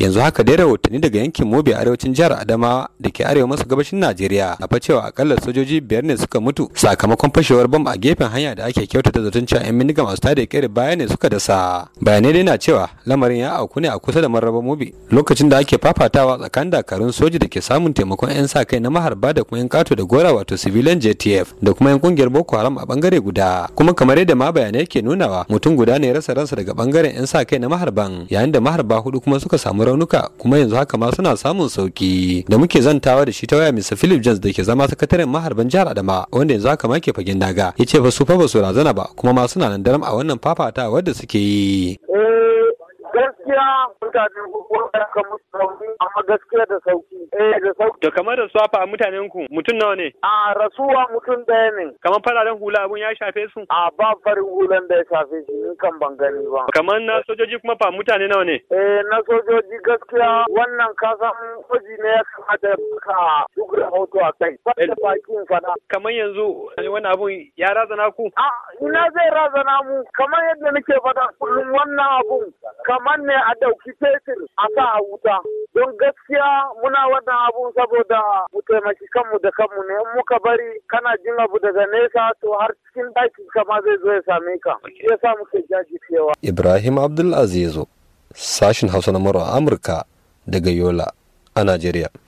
yanzu haka dai rahotanni daga yankin mobi arewacin jihar adamawa da ke arewa masu gabashin najeriya a fa cewa akalla sojoji biyar ne suka mutu sakamakon fashewar bam a gefen hanya da ake kyautata zaton cewa yan bindiga masu tada kere baya ne suka dasa bayanai dai na cewa lamarin ya auku ne a kusa da maraba mobi lokacin da ake fafatawa tsakanin dakarun soji da ke samun taimakon yan sa kai na maharba da kuma yan kato da gora wato civilian jtf da kuma yan kungiyar boko haram a bangare guda kuma kamar yadda ma bayanai ke nunawa mutum guda ne rasa ransa daga bangaren yan sa kai na maharban yayin da maharba hudu kuma suka samu raunuka kuma yanzu haka ma suna samun sauki da muke zantawa da shi ta waya Mr. Philip Jones da ke zama sakataren maharban jihar Adama wanda yanzu haka ma ke fagen daga yace ba su fa ba su razana ba kuma ma suna nan daram a wannan fafata wadda suke yi. Eh, gaskiya mutanen kuma ka musu sauki amma gaskiya da sauki eh da sauki to kamar da swafa mutanen ku mutum nawa ne a rasuwa mutum daya ne kamar fararen hula abun ya shafe su a ba farin hulan da ya shafe shi in kan ban gani ba kamar na sojoji kuma fa mutane nawa ne eh na sojoji gaskiya wannan san kwaji ne ya kamata ka duk rahoto a kai fata bakin fada kamar yanzu wani abun ya razana ku a ina zai razana mu kamar yadda nake fada kullum wannan abun kamar ne ne a dauki fetur a sa a wuta don gaskiya muna wannan abun saboda mu taimaki kanmu da kanmu ne in muka bari kana jin abu daga nesa to har cikin daki kama zai zo ya same ka ya sa muke jajircewa Ibrahim Abdul Azizu sashin Hausa na Amurka daga Yola a Najeriya